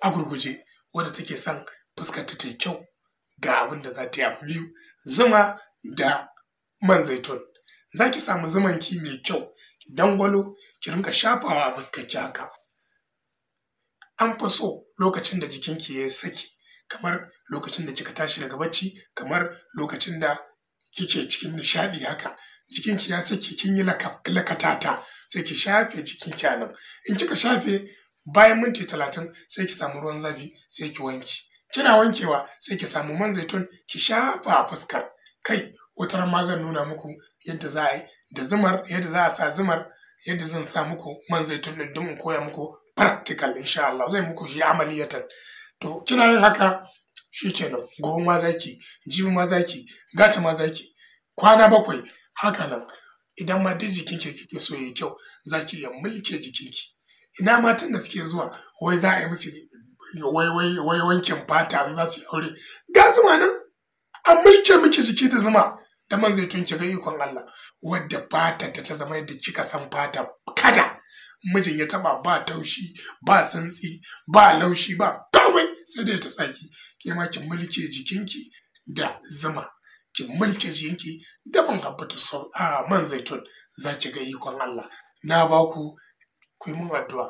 a gurguje wadda take son fuskanta ta kyau ga abin da za ta yi abu biyu zuma da man zaitun za ki samu zuman ki mai kyau ki dangwalo ki rinka shafawa a ki haka an fi so lokacin da jikinki ya saki kamar lokacin da kika tashi daga bacci kamar lokacin da kike cikin nishaɗi haka jikinki ya saki kin yi lakatata sai ki shafe jikinki a nan in kika shafe bayan minti talatin sai ki samu ruwan zafi sai ki wanke kina wankewa sai ki samu man zaitun ki shafa a fuskar kai wutar ma zan nuna muku yadda za a yi da zumar yadda za a sa zumar yadda zan sa muku man zaitun din don koya muku practical insha Allah zai muku shi amaliyatan to kina yin haka nan, gobe ma zaki jibi ma zaki gata ma zaki kwana bakwai haka nan idan ma duk jikinki kike so yayi kyau zaki ya mulke jikinki ina matan da suke zuwa wai za a yi musu wai wankin fata za su yi aure ga su ma nan an mulke miki jiki da zuma da man zaitun tunke ga ikon Allah wadda fata ta ta zama yadda kika san fata kada mijin ya taba ba taushi ba santsi ba laushi ba kawai sai dai ta tsaki ke ma ki mulke jikinki da zuma ki mulke jikinki da man habbatu sau a ah, man zaitun za ki ga ikon Allah na ba ku. kwe mu baddwa